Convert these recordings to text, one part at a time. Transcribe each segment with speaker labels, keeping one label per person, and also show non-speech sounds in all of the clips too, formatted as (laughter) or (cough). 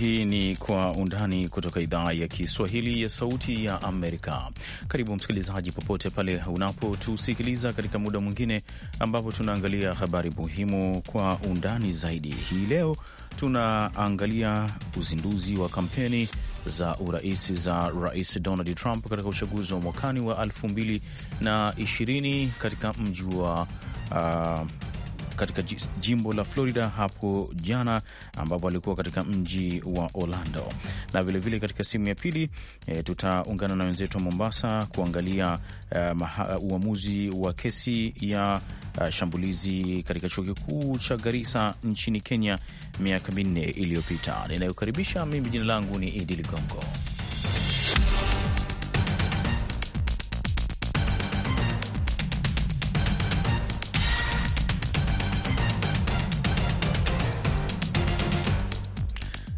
Speaker 1: Hii ni Kwa Undani kutoka idhaa ya Kiswahili ya Sauti ya Amerika. Karibu msikilizaji, popote pale unapotusikiliza katika muda mwingine ambapo tunaangalia habari muhimu kwa undani zaidi. Hii leo tunaangalia uzinduzi wa kampeni za urais za Rais Donald Trump katika uchaguzi wa mwakani wa 2020 katika mji wa uh, katika jimbo la Florida hapo jana, ambapo alikuwa katika mji wa Orlando. Na vilevile katika sehemu ya pili e, tutaungana na wenzetu wa Mombasa kuangalia e, maha, uamuzi wa kesi ya e, shambulizi katika chuo kikuu cha Garissa nchini Kenya miaka minne iliyopita. Ninayokaribisha mimi, jina langu ni Idi Ligongo.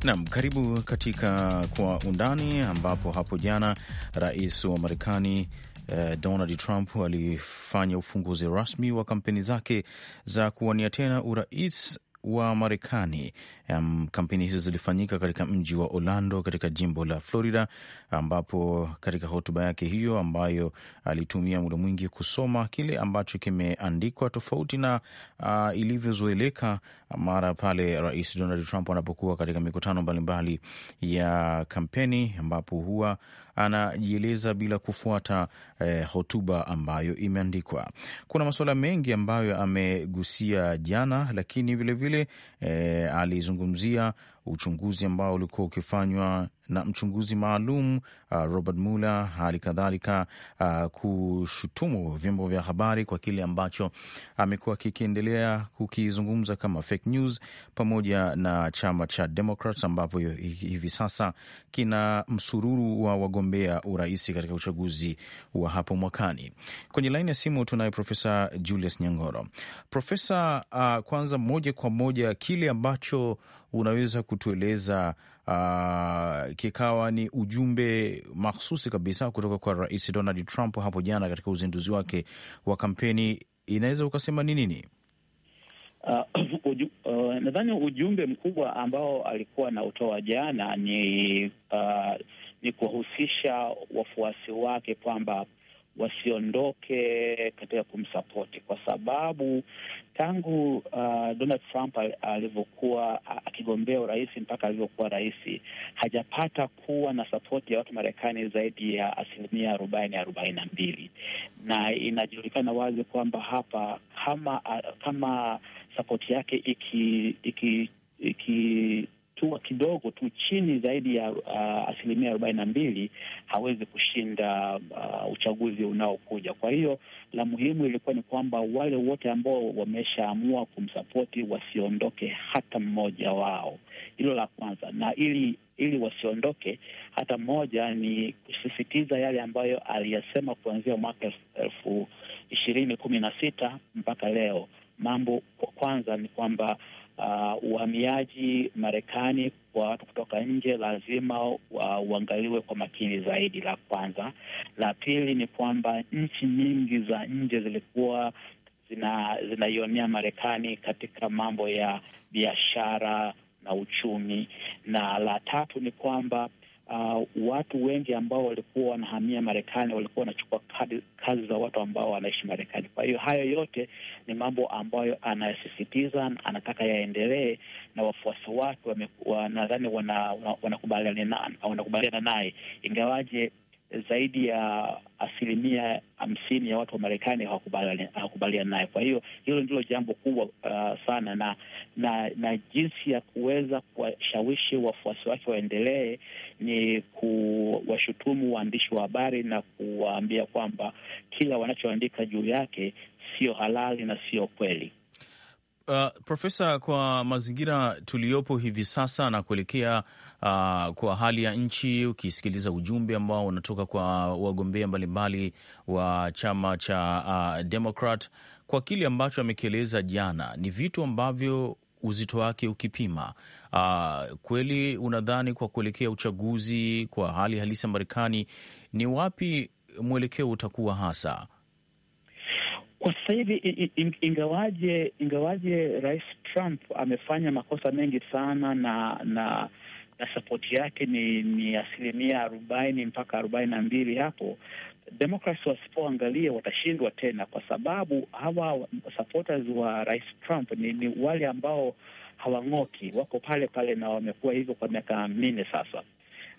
Speaker 1: Nam, karibu katika Kwa Undani, ambapo hapo jana rais wa Marekani eh, Donald Trump alifanya ufunguzi rasmi wa kampeni zake za kuwania tena urais wa Marekani. Um, kampeni hizo zilifanyika katika mji wa Orlando katika jimbo la Florida, ambapo katika hotuba yake hiyo ambayo alitumia muda mwingi kusoma kile ambacho kimeandikwa tofauti na uh, ilivyozoeleka mara pale Rais Donald Trump anapokuwa katika mikutano mbalimbali ya kampeni, ambapo huwa anajieleza bila kufuata eh, hotuba ambayo imeandikwa. Kuna masuala mengi ambayo amegusia jana, lakini vilevile vile, eh, alizungumzia uchunguzi ambao ulikuwa ukifanywa na mchunguzi maalum uh, Robert Mueller, hali kadhalika uh, kushutumu vyombo vya habari kwa kile ambacho amekuwa kikiendelea kukizungumza kama fake news, pamoja na chama cha Democrats ambapo hivi sasa kina msururu wa wagombea urais katika uchaguzi wa hapo mwakani. Kwenye laini ya simu tunaye Profesa Julius Nyangoro. Profesa, uh, kwanza moja kwa moja kile ambacho unaweza kutueleza uh, kikawa ni ujumbe mahsusi kabisa kutoka kwa Rais Donald Trump hapo jana katika uzinduzi wake wa kampeni, inaweza ukasema ni nini?
Speaker 2: Uh, (clears throat) uju, uh, nadhani ujumbe mkubwa ambao alikuwa na utoa jana ni uh, ni kuwahusisha wafuasi wake kwamba wasiondoke katika kumsapoti kwa sababu tangu uh, Donald Trump alivyokuwa akigombea urais mpaka alivyokuwa rais hajapata kuwa na sapoti ya watu Marekani zaidi ya asilimia arobaini arobaini na mbili, na inajulikana wazi kwamba hapa kama kama sapoti yake iki, iki, iki akitua kidogo tu chini zaidi ya uh, asilimia arobaini na mbili hawezi kushinda uh, uchaguzi unaokuja. Kwa hiyo la muhimu ilikuwa ni kwamba wale wote ambao wameshaamua kumsapoti wasiondoke hata mmoja wao, hilo la kwanza, na ili ili wasiondoke hata mmoja ni kusisitiza yale ambayo aliyasema kuanzia mwaka elfu ishirini kumi na sita mpaka leo. Mambo kwa kwanza ni kwamba Uh, uhamiaji Marekani kwa watu kutoka nje lazima uh, uangaliwe uh, kwa makini zaidi, la kwanza. La pili ni kwamba nchi nyingi za nje zilikuwa zinaionea zina Marekani katika mambo ya biashara na uchumi, na la tatu ni kwamba uh, watu wengi ambao walikuwa wanahamia Marekani walikuwa wanachukua kazi za watu ambao wanaishi Marekani. Kwa hiyo hayo yote ni mambo ambayo anayasisitiza, anataka yaendelee, na wafuasi wake nadhani wanakubaliana naye, ingawaje zaidi ya asilimia hamsini ya watu wa Marekani hawakubaliana naye. Kwa hiyo hilo ndilo jambo kubwa uh, sana na, na na jinsi ya kuweza kuwashawishi wafuasi wake waendelee ni kuwashutumu waandishi wa habari na kuwaambia kwamba kila wanachoandika juu yake sio halali na sio kweli.
Speaker 1: Uh, Profesa, kwa mazingira tuliyopo hivi sasa na kuelekea uh, kwa hali ya nchi, ukisikiliza ujumbe ambao unatoka kwa wagombea mbalimbali wa chama cha uh, Democrat kwa kile ambacho amekieleza jana, ni vitu ambavyo uzito wake ukipima, uh, kweli unadhani kwa kuelekea uchaguzi, kwa hali halisi ya Marekani, ni wapi mwelekeo utakuwa hasa
Speaker 2: kwa sasa hivi ingawaje, ingawaje Rais Trump amefanya makosa mengi sana na na na sapoti yake ni ni asilimia arobaini mpaka arobaini na mbili hapo Democrats wasipoangalia watashindwa tena, kwa sababu hawa supporters wa Rais Trump ni, ni wale ambao hawang'oki, wako pale pale na wamekuwa hivyo kwa miaka minne sasa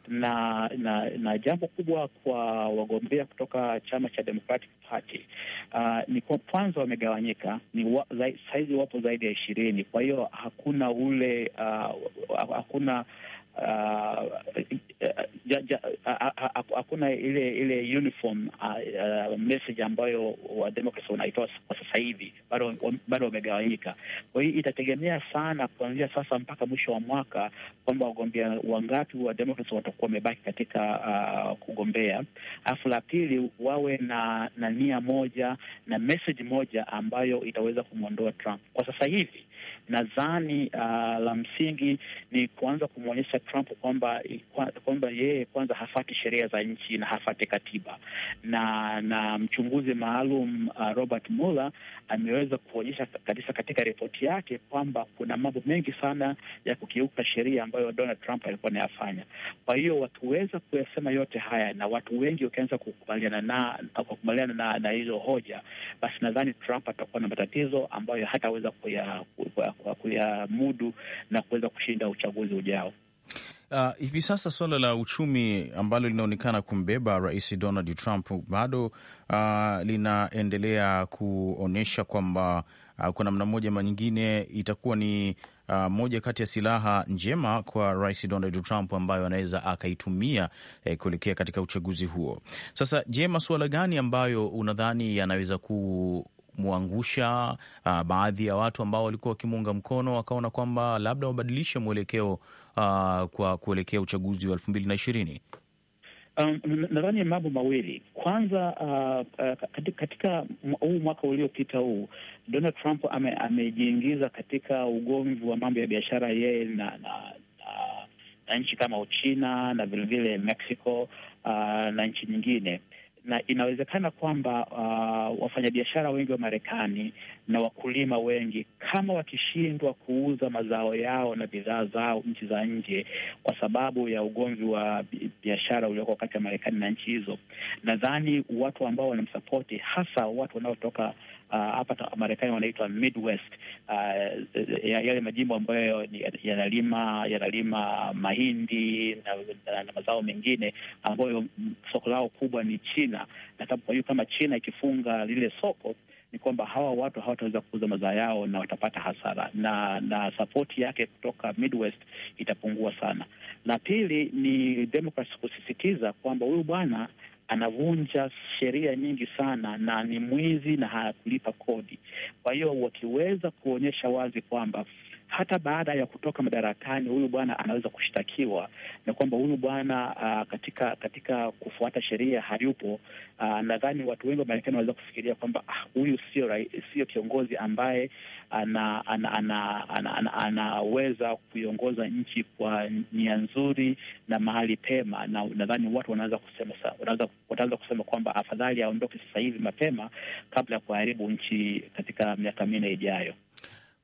Speaker 2: na na, na jambo kubwa kwa wagombea kutoka chama cha Democratic Party uh, ni kwa kwanza wamegawanyika, ni wa, sahizi wapo zaidi ya ishirini. Kwa hiyo hakuna ule uh, hakuna uh, Eh, hakuna ile ile uniform message ambayo wademokrasi wanaitoa kwa sasa hivi, bado wamegawanyika. Kwa hiyo itategemea sana kuanzia sasa mpaka mwisho wa mwaka kwamba wagombea wangapi wa watakuwa wamebaki katika uh, kugombea. Alafu la pili wawe na, na nia moja na message moja ambayo itaweza kumwondoa Trump kwa sasa hivi Nadhani uh, la msingi ni kuanza kumwonyesha Trump kwamba kwamba yeye kwanza hafati sheria za nchi na hafati katiba, na na mchunguzi maalum uh, Robert Mueller ameweza kuonyesha kabisa katika ripoti yake kwamba kuna mambo mengi sana ya kukiuka sheria ambayo Donald Trump alikuwa anayafanya. Kwa hiyo wakiweza kuyasema yote haya na watu wengi wakianza kukubaliana na kukubaliana na, na hizo hoja, basi nadhani Trump atakuwa na matatizo ambayo hataweza kuya kuyamudu na kuweza kushinda uchaguzi ujao.
Speaker 1: Uh, hivi sasa suala la uchumi ambalo linaonekana kumbeba Rais Donald Trump bado uh, linaendelea kuonyesha kwamba uh, kwa namna moja ama nyingine itakuwa ni uh, moja kati ya silaha njema kwa Rais Donald Trump ambayo anaweza akaitumia eh, kuelekea katika uchaguzi huo. Sasa je, masuala gani ambayo unadhani yanaweza ku kumwangusha. Uh, baadhi ya watu ambao walikuwa wakimuunga mkono wakaona kwamba labda wabadilishe mwelekeo uh, kwa kuelekea uchaguzi wa elfu mbili na ishirini.
Speaker 2: Um, nadhani mambo mawili. Kwanza uh, uh, katika huu mwaka uliopita huu Donald Trump amejiingiza ame katika ugomvi wa mambo ya biashara yeye na, na, na, na nchi kama Uchina na vilevile Mexico uh, na nchi nyingine na inawezekana kwamba uh, wafanyabiashara wengi wa Marekani na wakulima wengi kama wakishindwa kuuza mazao yao na bidhaa zao nchi za nje kwa sababu ya ugomvi wa biashara ulioko kati ya Marekani na nchi hizo, nadhani watu ambao wanamsapoti hasa watu wanaotoka Ah, hapa uh, Marekani wanaitwa Midwest uh, yale majimbo ambayo yanalima yanalima mahindi na, na, na mazao mengine ambayo soko lao kubwa ni China, na kwa hiyo kama China ikifunga lile soko ni kwamba hawa watu hawataweza kuuza mazao yao na watapata hasara, na na sapoti yake kutoka Midwest itapungua sana. La pili ni Democrats kusisitiza kwamba huyu bwana anavunja sheria nyingi sana na ni mwizi na hakulipa kodi. Kwa hiyo wakiweza kuonyesha wazi kwamba hata baada ya kutoka madarakani, huyu bwana anaweza kushtakiwa, na kwamba huyu bwana ah, katika katika kufuata sheria hayupo. Ah, nadhani watu wengi wa Marekani wanaweza kufikiria kwamba ah, huyu sio sio kiongozi ambaye anaweza ana, ana, ana, ana, ana kuiongoza nchi kwa nia nzuri na mahali pema, na nadhani watu wanaweza kusema wataanza kusema kwamba afadhali aondoke sasa hivi mapema kabla ya kuharibu nchi katika miaka minne ijayo.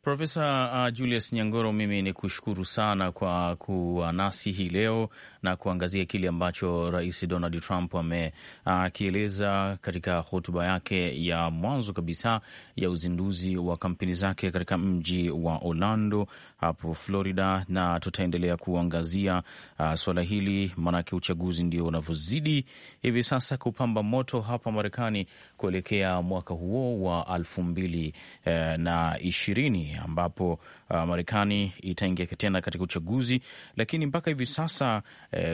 Speaker 1: Profesa uh, Julius Nyangoro, mimi ni kushukuru sana kwa kuwa nasi hii leo na kuangazia kile ambacho Rais Donald Trump amekieleza uh, katika hotuba yake ya mwanzo kabisa ya uzinduzi wa kampeni zake katika mji wa Orlando hapo Florida, na tutaendelea kuangazia uh, suala hili, maanake uchaguzi ndio unavyozidi hivi sasa kupamba moto hapa Marekani kuelekea mwaka huo wa elfu mbili uh, na ishirini ambapo uh, Marekani itaingia tena katika uchaguzi, lakini mpaka hivi sasa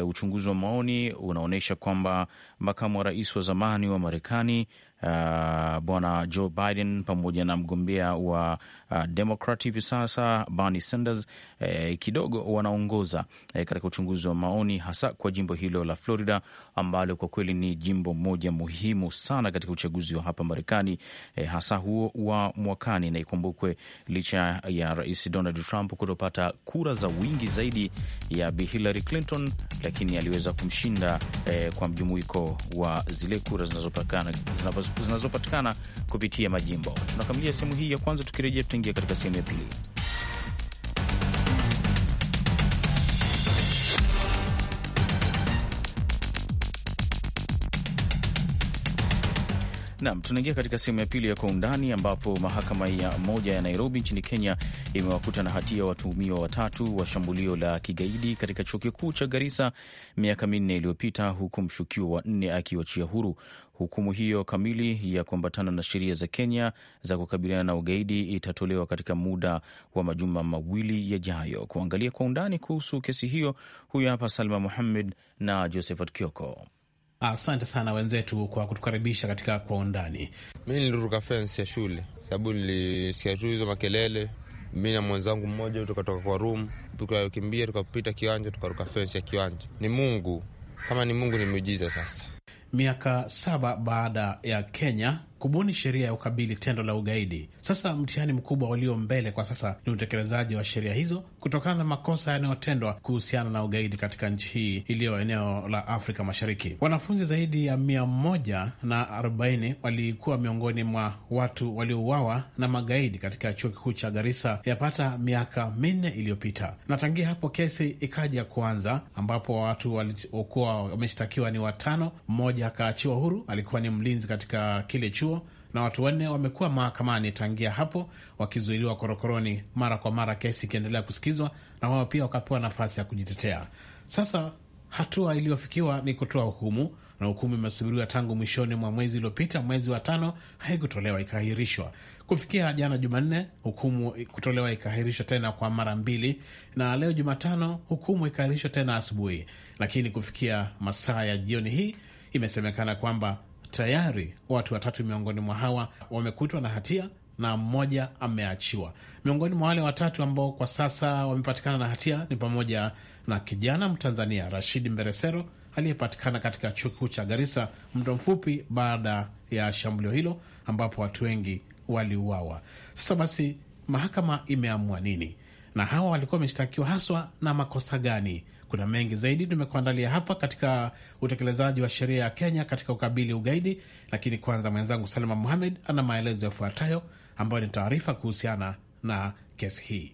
Speaker 1: uh, uchunguzi wa maoni unaonyesha kwamba makamu wa rais wa zamani wa Marekani uh, bwana Joe Biden pamoja na mgombea wa uh, Demokrat hivi sasa Bernie Sanders eh, kidogo wanaongoza eh, katika uchunguzi wa maoni, hasa kwa jimbo hilo la Florida ambalo kwa kweli ni jimbo moja muhimu sana katika uchaguzi wa hapa Marekani eh, hasa huo wa mwakani, na ikumbukwe licha ya Rais Donald Trump kutopata kura za wingi zaidi ya Bi Hillary Clinton, lakini aliweza kumshinda eh, kwa mjumuiko wa zile kura zinazopatikana zinazopatikana kupitia majimbo. Tunakamilia sehemu hii ya kwanza, tukirejea tutaingia katika sehemu ya pili. Nam, tunaingia katika sehemu ya pili ya Kwa Undani, ambapo mahakama ya moja ya Nairobi nchini Kenya imewakuta na hatia watuhumiwa watatu wa shambulio la kigaidi katika chuo kikuu cha Garissa miaka minne iliyopita, huku mshukiwa wa nne akiwachia huru. Hukumu hiyo kamili ya kuambatana na sheria za Kenya za kukabiliana na ugaidi itatolewa katika muda wa majuma mawili yajayo. Kuangalia kwa undani kuhusu kesi hiyo, huyu hapa Salma Muhammed na Josephat Kioko.
Speaker 3: Asante sana wenzetu kwa kutukaribisha
Speaker 1: katika kwa undani. Mi niliruka fensi ya shule sababu nilisikia tu hizo makelele.
Speaker 4: Mi na mwenzangu mmoja tukatoka kwa rum, tukakimbia tukapita kiwanja, tukaruka fensi ya kiwanja. Ni Mungu, kama ni Mungu ni miujiza. Sasa
Speaker 3: miaka saba baada ya Kenya kubuni sheria ya ukabili tendo la ugaidi. Sasa mtihani mkubwa ulio mbele kwa sasa ni utekelezaji wa sheria hizo kutokana na makosa yanayotendwa kuhusiana na ugaidi katika nchi hii iliyo eneo la Afrika Mashariki. Wanafunzi zaidi ya mia moja na arobaini walikuwa miongoni mwa watu waliouawa na magaidi katika chuo kikuu cha Garissa yapata miaka minne iliyopita, na tangia hapo kesi ikaja kuanza, ambapo watu waliokuwa wameshtakiwa ni watano, mmoja akaachiwa huru. Alikuwa ni mlinzi katika kile chuo, na watu wanne wamekuwa mahakamani tangia hapo, wakizuiliwa korokoroni, mara kwa mara, kesi ikiendelea kusikizwa, na wao pia wakapewa nafasi ya kujitetea. Sasa hatua iliyofikiwa ni kutoa hukumu na hukumu imesubiriwa tangu mwishoni mwa mwezi uliopita, mwezi wa tano, haikutolewa ikaahirishwa. Kufikia jana Jumanne, hukumu kutolewa ikaahirishwa tena kwa mara mbili, na leo Jumatano hukumu ikaahirishwa tena asubuhi, lakini kufikia masaa ya jioni hii Imesemekana kwamba tayari watu watatu miongoni mwa hawa wamekutwa na hatia na mmoja ameachiwa. Miongoni mwa wale watatu ambao kwa sasa wamepatikana na hatia ni pamoja na kijana Mtanzania Rashid Mberesero aliyepatikana katika chuo kikuu cha Garissa muda mfupi baada ya shambulio hilo ambapo watu wengi waliuawa. Sasa basi, mahakama imeamua nini na hawa walikuwa wameshtakiwa haswa na makosa gani? Kuna mengi zaidi tumekuandalia hapa katika utekelezaji wa sheria ya Kenya katika ukabili ugaidi, lakini kwanza mwenzangu Salma Muhamed ana maelezo yafuatayo ambayo ni taarifa kuhusiana na kesi hii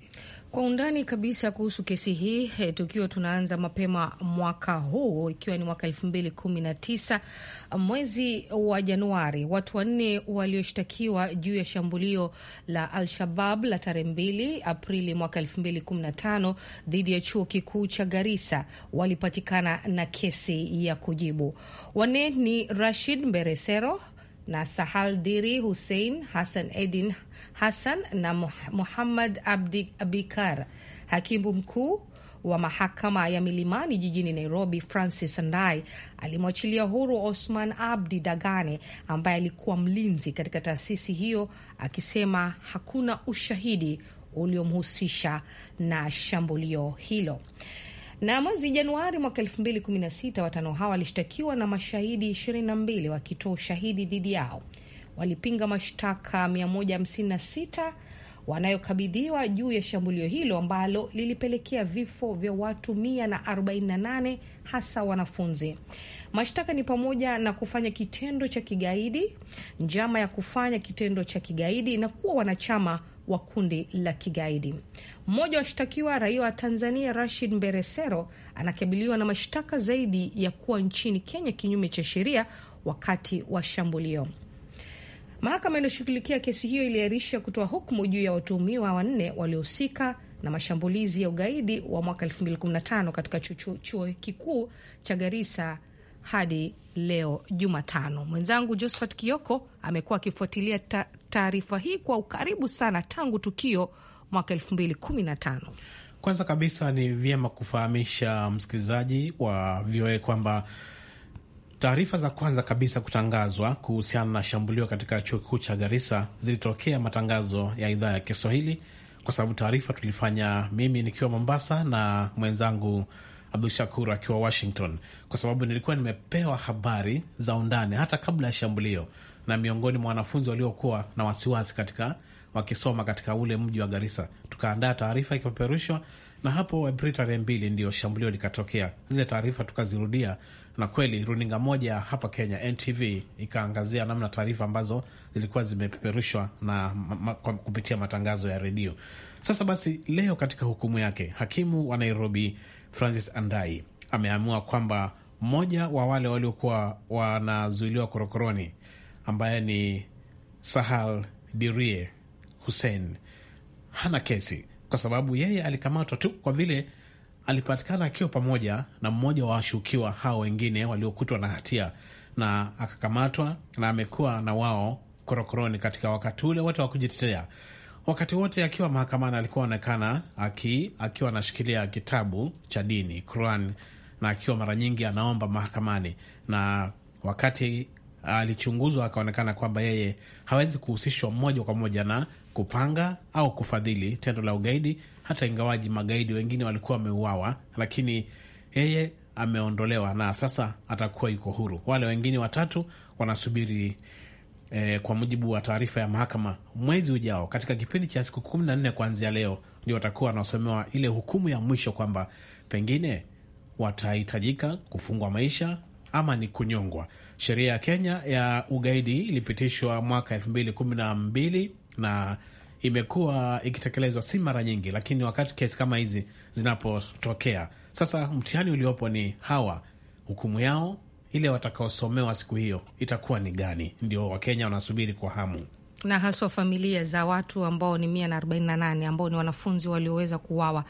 Speaker 5: kwa undani kabisa kuhusu kesi hii eh, tukiwa tunaanza mapema mwaka huu, ikiwa ni mwaka elfu mbili kumi na tisa mwezi wa Januari, watu wanne walioshtakiwa juu ya shambulio la Al-Shabab la tarehe mbili Aprili mwaka elfu mbili kumi na tano dhidi ya chuo kikuu cha Garissa walipatikana na kesi ya kujibu. Wanne ni Rashid Mberesero na Sahal Diri Hussein Hassan Edin Hassan na Muhammad Abdi Abikar. Hakimu mkuu wa mahakama ya Milimani jijini Nairobi, Francis Ndai alimwachilia huru Osman Abdi Dagane ambaye alikuwa mlinzi katika taasisi hiyo, akisema hakuna ushahidi uliomhusisha na shambulio hilo. Na mwezi Januari mwaka sita watano hao walishtakiwa na mashahidi 22 wakitoa ushahidi dhidi yao. Walipinga mashtaka 156 wanayokabidhiwa juu ya shambulio hilo ambalo lilipelekea vifo vya watu 148 hasa wanafunzi. Mashtaka ni pamoja na kufanya kitendo cha kigaidi, njama ya kufanya kitendo cha kigaidi na kuwa wanachama wa kundi la kigaidi. Mmoja wa washtakiwa, raia wa Tanzania Rashid Mberesero, anakabiliwa na mashtaka zaidi ya kuwa nchini Kenya kinyume cha sheria wakati wa shambulio. Mahakama inayoshughulikia kesi hiyo iliahirisha kutoa hukumu juu ya watuhumiwa wanne waliohusika na mashambulizi ya ugaidi wa mwaka 2015 katika chuo kikuu cha Garissa hadi leo Jumatano. Mwenzangu Josephat Kioko amekuwa akifuatilia taarifa hii kwa ukaribu sana tangu tukio mwaka 2015.
Speaker 3: Kwanza kabisa ni vyema kufahamisha msikilizaji wa VOA kwamba taarifa za kwanza kabisa kutangazwa kuhusiana na shambulio katika chuo kikuu cha Garissa zilitokea matangazo ya idhaa ya Kiswahili, kwa sababu taarifa tulifanya mimi nikiwa Mombasa na mwenzangu Abdu Shakur akiwa Washington, kwa sababu nilikuwa nimepewa habari za undani hata kabla ya shambulio na miongoni mwa wanafunzi waliokuwa na wasiwasi katika wakisoma katika ule mji wa Garissa. Tukaandaa taarifa ikipeperushwa, na hapo Aprili tarehe mbili ndio shambulio likatokea. Zile taarifa tukazirudia, na kweli runinga moja hapa Kenya, NTV, ikaangazia namna taarifa ambazo zilikuwa zimepeperushwa na ma kupitia matangazo ya redio. Sasa basi, leo katika hukumu yake, hakimu wa Nairobi Francis Andai ameamua kwamba mmoja wa wale waliokuwa wanazuiliwa korokoroni ambaye ni Sahal Dirie Hussein hana kesi kwa sababu yeye alikamatwa tu kwa vile alipatikana akiwa pamoja na mmoja wa washukiwa hao wengine waliokutwa na hatia, na akakamatwa na amekuwa na wao korokoroni katika wakati ule wote wa kujitetea. Wakati wote akiwa mahakamani alikuwa onekana aki, akiwa anashikilia kitabu cha dini Quran, na akiwa mara nyingi anaomba mahakamani, na wakati alichunguzwa akaonekana kwamba yeye hawezi kuhusishwa moja kwa moja na kupanga au kufadhili tendo la ugaidi, hata ingawaji magaidi wengine walikuwa wameuawa, lakini yeye ameondolewa na sasa atakuwa yuko huru. Wale wengine watatu wanasubiri eh, kwa mujibu wa taarifa ya mahakama, mwezi ujao katika kipindi cha siku kumi na nne kuanzia leo ndio watakuwa wanaosomewa ile hukumu ya mwisho kwamba pengine watahitajika kufungwa maisha ama ni kunyongwa. Sheria ya Kenya ya ugaidi ilipitishwa mwaka elfu mbili kumi na mbili na imekuwa ikitekelezwa si mara nyingi, lakini wakati kesi kama hizi zinapotokea sasa, mtihani uliopo ni hawa, hukumu yao ile watakaosomewa siku hiyo itakuwa ni gani? Ndio Wakenya wanasubiri kwa hamu
Speaker 5: na haswa familia za watu ambao ni mia na arobaini na nane ambao ni wanafunzi walioweza kuwawa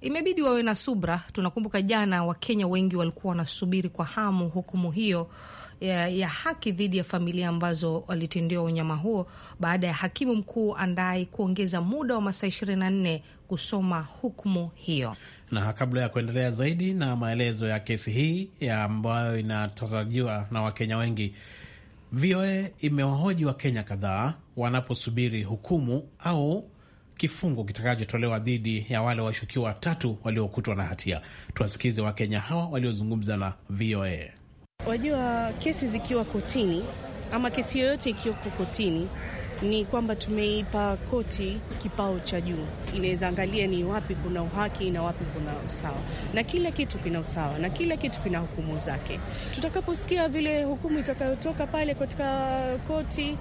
Speaker 5: imebidi wawe na subra. Tunakumbuka jana Wakenya wengi walikuwa wanasubiri kwa hamu hukumu hiyo ya, ya haki dhidi ya familia ambazo walitendewa unyama huo baada ya hakimu mkuu Andai kuongeza muda wa masaa nne kusoma hukumu hiyo.
Speaker 3: Na kabla ya kuendelea zaidi na maelezo ya kesi hii ya ambayo inatarajiwa na Wakenya wengi, VOA imewahoji Wakenya kadhaa wanaposubiri hukumu au kifungo kitakachotolewa dhidi ya wale washukiwa watatu waliokutwa na hatia. Tuwasikize Wakenya hawa waliozungumza na VOA.
Speaker 6: Wajua, kesi zikiwa kotini ama kesi yoyote ikiwako kotini ni kwamba tumeipa koti kipao cha juu, inaweza angalia ni wapi kuna uhaki na wapi kuna usawa, na kila kitu kina usawa na kila kitu kina hukumu zake. Tutakaposikia vile hukumu itakayotoka pale katika koti,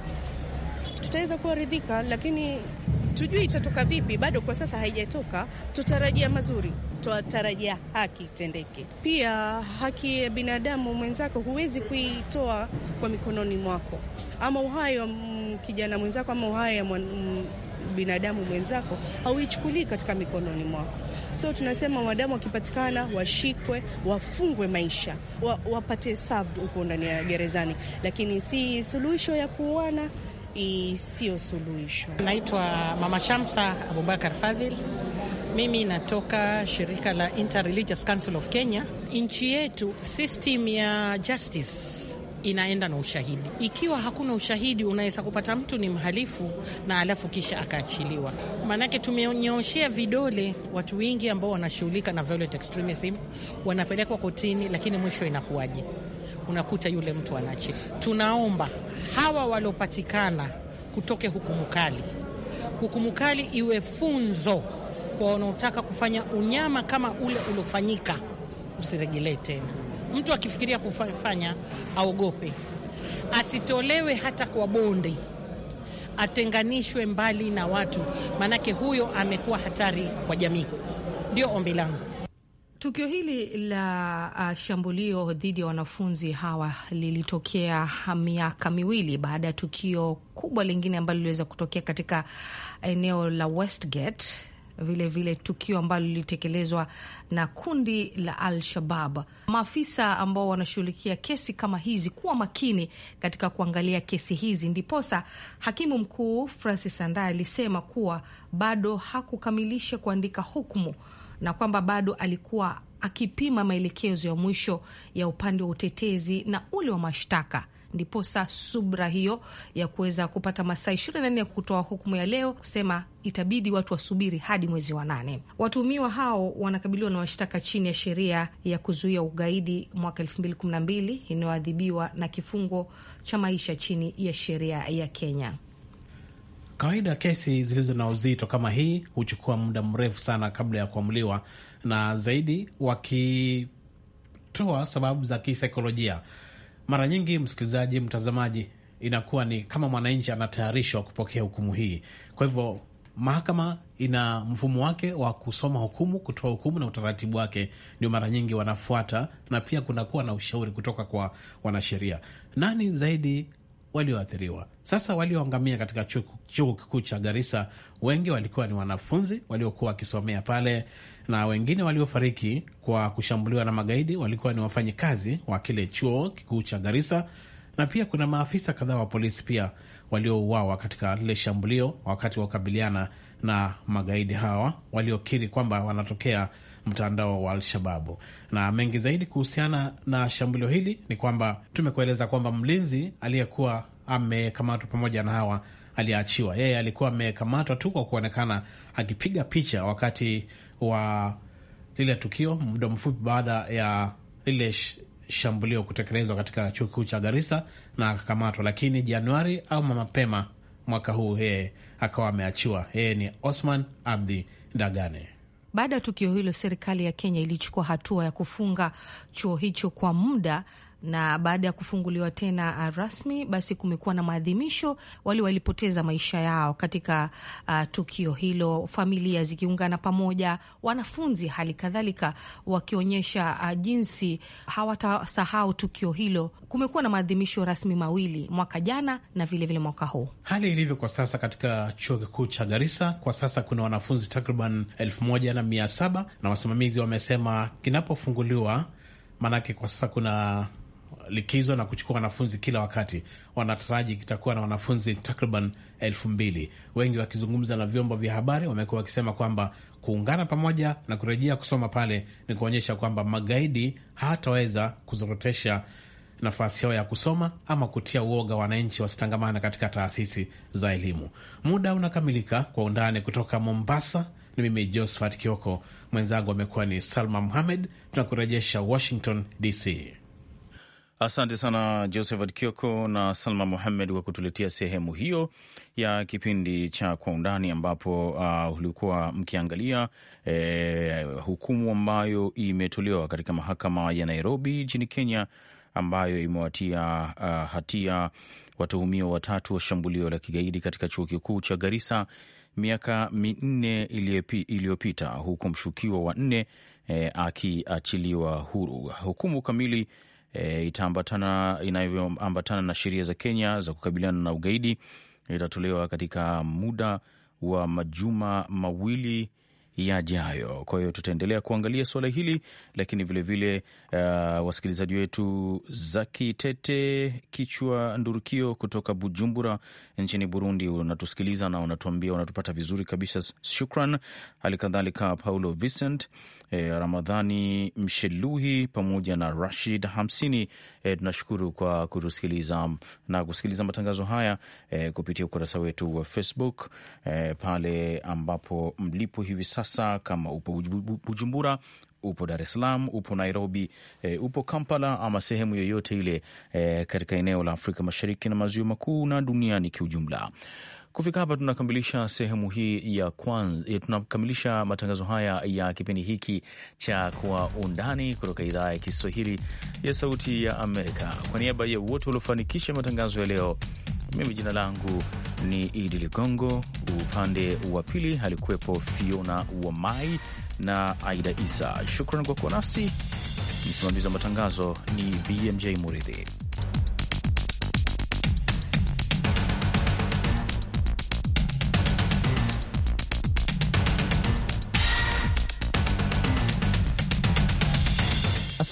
Speaker 6: tutaweza ridhika, lakini hatujui itatoka vipi bado, kwa sasa haijatoka. Tutarajia mazuri, tutarajia haki itendeke. Pia haki ya binadamu mwenzako huwezi kuitoa kwa mikononi mwako, ama uhai wa kijana mwenzako, ama uhai wa binadamu mwenzako hauichukulii katika mikononi mwako. So tunasema wadamu wakipatikana washikwe, wafungwe maisha, wapate sabu huko ndani ya gerezani, lakini si suluhisho ya kuuana isiyo suluhisho.
Speaker 5: Naitwa Mama Shamsa Abubakar Fadhil. Mimi natoka shirika la Interreligious Council of Kenya. Nchi yetu system ya justice inaenda na ushahidi. Ikiwa hakuna ushahidi, unaweza kupata mtu ni mhalifu na alafu kisha akaachiliwa. Maanake tumenyoshea vidole watu wengi ambao wanashughulika na violent extremism, wanapelekwa kotini, lakini mwisho inakuwaje? unakuta yule mtu anache. Tunaomba hawa waliopatikana kutoke hukumu kali, hukumu kali iwe funzo kwa wanaotaka kufanya unyama kama ule uliofanyika, usirejelee tena. Mtu akifikiria kufanya aogope, asitolewe hata kwa bonde, atenganishwe mbali na watu, maanake huyo amekuwa hatari kwa jamii. Ndio ombi langu. Tukio hili la uh, shambulio dhidi ya wanafunzi hawa lilitokea miaka miwili baada ya tukio kubwa lingine ambalo liliweza kutokea katika eneo la Westgate, vilevile vile tukio ambalo lilitekelezwa na kundi la Al Shabab. Maafisa ambao wanashughulikia kesi kama hizi kuwa makini katika kuangalia kesi hizi, ndiposa hakimu mkuu Francis Andae alisema kuwa bado hakukamilisha kuandika hukumu na kwamba bado alikuwa akipima maelekezo ya mwisho ya upande wa utetezi na ule wa mashtaka ndiposa subra hiyo ya kuweza kupata masaa ishirini na nne ya kutoa hukumu ya leo kusema itabidi watu wasubiri hadi mwezi wa nane. Watuhumiwa hao wanakabiliwa na mashtaka chini ya sheria ya kuzuia ugaidi mwaka elfu mbili kumi na mbili inayoadhibiwa na kifungo cha maisha chini ya sheria ya Kenya.
Speaker 3: Kawaida kesi zilizo na uzito kama hii huchukua muda mrefu sana kabla ya kuamuliwa, na zaidi wakitoa sababu za kisaikolojia. Mara nyingi, msikilizaji, mtazamaji, inakuwa ni kama mwananchi anatayarishwa kupokea hukumu hii. Kwa hivyo mahakama ina mfumo wake wa kusoma hukumu, kutoa hukumu na utaratibu wake ndio mara nyingi wanafuata, na pia kunakuwa na ushauri kutoka kwa wanasheria. Nani zaidi walioathiriwa. Sasa walioangamia katika chuo kikuu cha Garissa wengi walikuwa ni wanafunzi waliokuwa wakisomea pale, na wengine waliofariki kwa kushambuliwa na magaidi walikuwa ni wafanyikazi wa kile chuo kikuu cha Garissa, na pia kuna maafisa kadhaa wa polisi pia waliouawa katika lile shambulio wakati wa kukabiliana na magaidi hawa waliokiri kwamba wanatokea mtandao wa Alshababu. Na mengi zaidi kuhusiana na shambulio hili ni kwamba tumekueleza kwamba mlinzi aliyekuwa amekamatwa pamoja na hawa aliyeachiwa, yeye alikuwa amekamatwa tu kwa kuonekana akipiga picha wakati wa lile tukio, muda mfupi baada ya lile shambulio kutekelezwa katika chuo kikuu cha Garissa na akakamatwa, lakini Januari au mapema mwaka huu yeye akawa ameachiwa. Yeye ni Osman Abdi Dagane.
Speaker 5: Baada ya tukio hilo, serikali ya Kenya ilichukua hatua ya kufunga chuo hicho kwa muda na baada ya kufunguliwa tena uh, rasmi, basi kumekuwa na maadhimisho wale walipoteza maisha yao katika uh, tukio hilo, familia zikiungana pamoja, wanafunzi hali kadhalika wakionyesha uh, jinsi hawatasahau tukio hilo. Kumekuwa na maadhimisho rasmi mawili mwaka jana na vilevile vile mwaka huu.
Speaker 3: Hali ilivyo kwa sasa katika chuo kikuu cha Garissa, kwa sasa kuna wanafunzi takriban elfu moja na mia saba na wasimamizi wamesema kinapofunguliwa, maanake kwa sasa kuna likizo na kuchukua wanafunzi kila wakati. Wanataraji kitakuwa na wanafunzi takriban elfu mbili. Wengi wakizungumza na vyombo vya habari wamekuwa wakisema kwamba kuungana pamoja na kurejea kusoma pale ni kuonyesha kwamba magaidi hawataweza kuzorotesha nafasi yao ya kusoma ama kutia uoga wananchi wasitangamana katika taasisi za elimu. Muda unakamilika. Kwa undani kutoka Mombasa ni mimi Josephat Kioko, mwenzangu amekuwa ni Salma Muhamed. Tunakurejesha Washington
Speaker 1: DC. Asante sana Josephat Kioko na Salma Muhammed kwa kutuletea sehemu hiyo ya kipindi cha Kwa Undani, ambapo uh, ulikuwa mkiangalia eh, hukumu ambayo imetolewa katika mahakama ya Nairobi nchini Kenya, ambayo imewatia uh, hatia watuhumiwa watatu wa shambulio la kigaidi katika chuo kikuu cha Garissa miaka minne iliyopita, huku mshukiwa wa nne eh, akiachiliwa huru. Hukumu kamili e, itaambatana inavyoambatana na sheria za Kenya za kukabiliana na ugaidi itatolewa katika muda wa majuma mawili yajayo. Kwa hiyo tutaendelea kuangalia suala hili, lakini vilevile vile, uh, wasikilizaji wetu Zaki Tete Kichwa Ndurukio kutoka Bujumbura nchini Burundi, unatusikiliza na unatuambia unatupata vizuri kabisa, shukran. Hali kadhalika Paulo Vincent e, Ramadhani Msheluhi pamoja na Rashid Hamsini. E, tunashukuru kwa kutusikiliza na kusikiliza matangazo haya e, kupitia ukurasa wetu wa Facebook e, pale ambapo mlipo hivi sasa, kama upo Bujumbura upo Dar es Salaam, upo Nairobi, e, upo Kampala ama sehemu yoyote ile e, katika eneo la Afrika Mashariki na Maziwa Makuu na duniani kiujumla. Kufika hapa tunakamilisha sehemu hii ya kwanza, eh, tunakamilisha matangazo haya ya kipindi hiki cha Kwa Undani kutoka idhaa ya Kiswahili ya Sauti ya Amerika. Kwa niaba ya wote waliofanikisha matangazo ya leo, mimi jina langu ni Idi Ligongo, upande wa pili alikuwepo Fiona Wamai na Aida Isa. Shukran kwa kuwa nasi. Msimamizi wa matangazo ni BMJ Muridhi.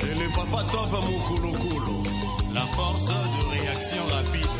Speaker 4: C'est les papa top mon coulo, coulo La force de réaction rapide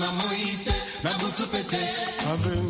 Speaker 4: n moite, uite, n Avem